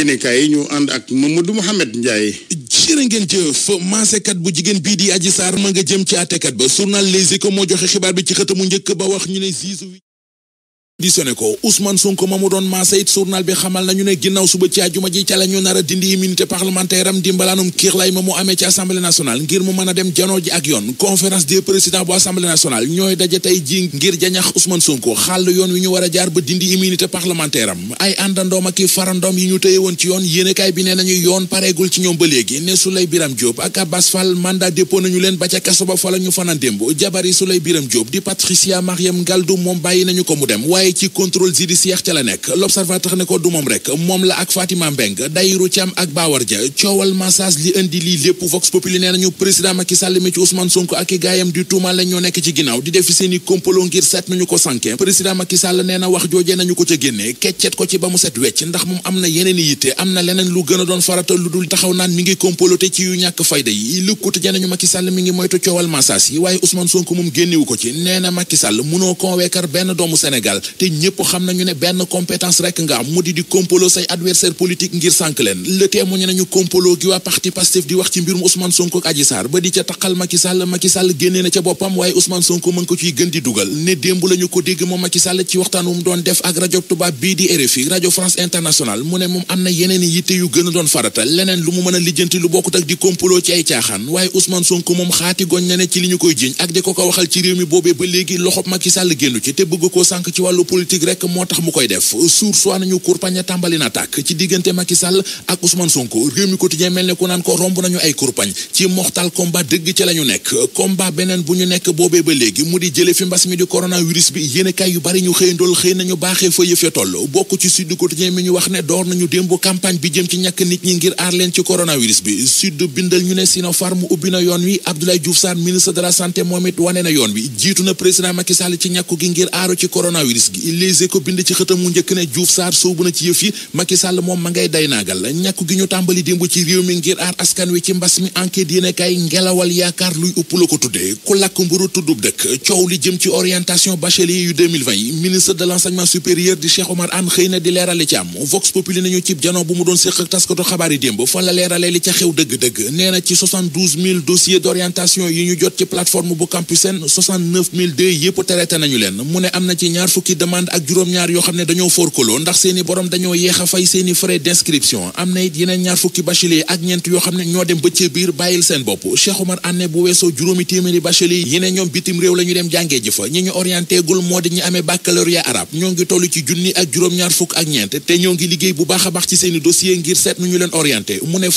yéenekaay yi ñu ànd ak Mamadou Mouhamed Ndiaye jërë ngeen jëf maasekat bu jigéen bii di Adji Sarr ma nga jëm ci àttekat ba journal moo joxe xibaar bi ci xëtamu njëkk ba wax ñu ne di sene ko Ousmane Sonko ma mu doon maasa it journal bi xamal nañu ne ginnaaw suba ci àjjuma ji ca la ñu nar a dindi immunité parlementaire am dimbalaanum kiir lay ma mu amee ci assemblée nationale ngir mu mën a dem janoo ji ak yoon conférence des présidents bu assemblée nationale ñooy daje tey ji ngir jañax Ousmane Sonko xàll yoon wi ñu war a jaar ba dindi immunité parlementaire am ay àndandoom ak i farandoom yi ñu téye woon ci yoon yéenekaay bi nee nañu yoon pareegul ci ñoom ba léegi ne Souley Biram Diop ak Abbas Fall mandat dépôt nañu leen ba ca kaso ba fa la ñu fanaan démb jabari Souley Biram Diop di Patricia Mariam Ngaldou moom bàyyi nañu ko mu dem tey ci contrôle judiciaire ca la nekk l'observateur ne ko du moom la ak Fatima Mbeng Dayiru Thiam ak Bawar Dia coowal massage li indi lii lépp Vox Populi nee nañu président Macky Sall mi ci Ousmane Sonko ak i gaayam di tuuma ñoo nekk ci ginnaaw di def seen i kompolo ngir seet nañu ko sànke président Macky Sall nee na wax joojee nañu ko ca génne keccet ko ci ba mu set wecc ndax moom am na yeneen i yitte am na leneen lu gën doon farata lu dul taxaw naan mi ngi kompolote ci yu ñàkk fayda yi lëkkute janañu Macky Sall mi ngi moytu coowal massage yi waaye Ousmane Sonko moom génniwu ko ci nee na Macky Sall munoo convaincre benn doomu Sénégal te ñëpp xam nañu ne benn compétence rek nga am mu di di kompolo say adversaire politique ngir sànk leen le témoigné nañu kompolo gi waa parti Pastef di wax ci mbir Ousmane Sonko ak Adji Sarr ba di ca taqal sàll Sall Macky Sall génnee na ca boppam waaye Ousmane Sonko mën ko ciy gën di dugal ne démb lañu ko dégg ma Macky Sall ci waxtaan wu mu doon def ak rajo tubaab bii di RFI rajo France Internationale mu ne moom am na yeneen yitte yu gën doon farata leneen lu mu mën a lijjanti lu bokkut ak di kompolo ci ay caaxaan waaye Ousmane Sonko xaati goñ ne ci li ñu koy jiñ ak di ko ko waxal ci réew mi boobee ba léegi loxob Macky Sall génnu ci te bëgg koo sànk ci wàllu politique rek moo tax mu koy def suur soi nañu kurpaña tàmbali na tàkk ci diggante Macky Sall ak Ousmane Sonko réew mi quotidien mel ne ku naan ko romb nañu ay kurpañ ci mortal combat dëgg ci la nekk combat beneen bu ñu nekk boobee ba léegi mu di jële fi mbas mi di coronavirus bi yéene kaay yu bari ñu xëy ndool xëy nañu baaxee fa yëf toll bokk ci sud quotidien mi ñu wax ne door nañu démb campagne bi jëm ci ñàkk nit ñi ngir aar leen ci coronavirus bi sud na yoon wi Abdoulaye moom wane na yoon wi jiitu na président Macky Sall ci ñàkku gi ngir aaru tas gi Les Échos bind ci xëtam mu njëkk ne Diouf Sarr soobu na ci yëf yi Macky moom ma ngay day naagal ñàkku gi ñu tàmbali démb ci réew mi ngir aar askan wi ci mbas mi enquête yéene ngelawal yaakaar luy upp la ko tuddee ku làkk mburu tuddub dëkk coow li jëm ci orientation bachelier yu ministre de l'enseignement supérieur di Cheikh Omar Anne xëy na di leerale ci am Vox Populi nañu cib janoo bu mu doon séq ak taskatu xabaar yi démb li ca demande ak juróom-ñaar yoo xam ne dañoo forkoloo ndax seeni borom dañoo yeex a fay seeni frais d'inscription am na it yeneen ñaar fukki bachelier ak ñeent yoo xam ne ñoo dem bëccee biir bàyyil seen bopp Cheikh Omar bu weesoo juróomi téeméeri bachelier yeneen ñoom bitim réew la ñu dem jàngee ji fa ñi ñu orienté gul moo di ñi amee baccalauréat arabe ñoo ngi toll ci junni ak juróom-ñaar fukk ak ñeent te ñoo ngi liggéey bu baax a baax ci seeni dossier ngir seet leen orienté mu ne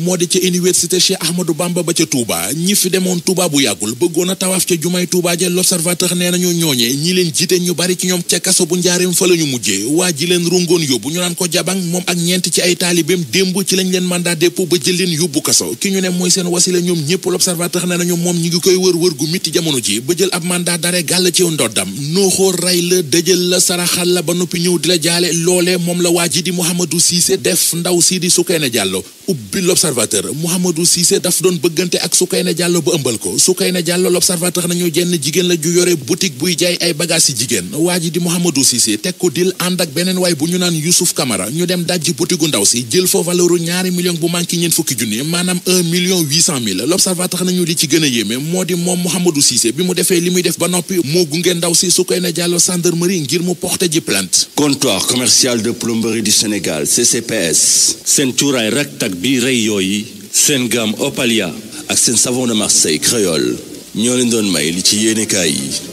moo di ca université Cheikh Ahmadou Bamba ba ca Touba ñi fi demoon Touba a tawaaf ca jumay Touba ja l'observateur nee nañu ñooñee ñi leen jiite ñu waa ji leen rungoon yóbbu ñu naan ko jabang moom ak ñeent ci ay taalibeem démb ci lañ leen mandat dépôt ba jël leen yóbbu kaso ki ñu ne mooy seen wasila ñoom ñëpp l'observateur ne nañu moom ñi ngi koy wër wër gu mitti jamono ba jël ab mandat dare gàll ci ndoddam nooxoo ray la dëjël la saraxal la ba noppi ñëw di la jaale loolee moom la waa ji di Mouhamadou Cissé def ndaw si di Soukeyna Diallo ubbi l'observateur Mouhamadou Cissé daf doon bëggante ak Soukeyna Diallo ba ëmbal ko Soukeyna Diallo l'observateur nañu jenn jigéen la ju yore boutique buy jaay ay bagages ci jigéen waa ji di Mouhamadou Cissé teg ko dil ànd ak beneen waay bu ñu naan Youssouf kamara ñu dem dajji butigu ndaw si jël fa valeur ñaari million bu manqué ñeen fukki junni maanaam un million huit cent mille l'observateur nañu li ci gën a yéeme moo di moom Mouhamadou Cissé bi mu defee li muy def ba noppi moo gunge ndaw si su koy na jàllo gendarmerie ngir mu porté ji plainte comptoir commercial de plomberie du Sénégal CCPS seen cuuraay raktak bi rey yooyu seen gamme Opalia ak seen savon de Marseille créole ñoo leen doon may li ci yéenekaay yi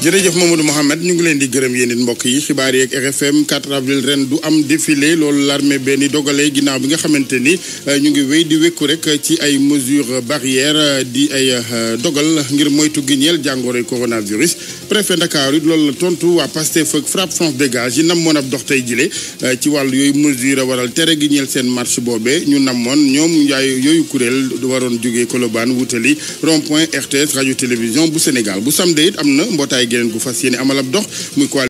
jërëjëf Mamadou Mohamed ñu ngi leen di gërëm yéen it mbokk yi xibaar yeeg RFM 4 avril ren du am défilé loolu l'armée benn dogalee ginnaaw bi nga xamante ni euh, ñu ngi wéy di wékku rek ci ay mesures barrières euh, di ay euh, dogal ngir moytu gi ñeel jàngoroy coronavirus. préfet Dakar it loolu la tontu waa Pastef ak FRAPP France dégage yi namoon ab dox tey jile ci wàllu yooyu mesure waral tere gi ñeel seen marche boobee ñu namoon ñoom yaay yooyu kuréel waroon jógee Colobane wutali rond point RTS radio télévision bu Sénégal bu samedi it am na mbootaay geneen gu fas yéene amal ab dox muy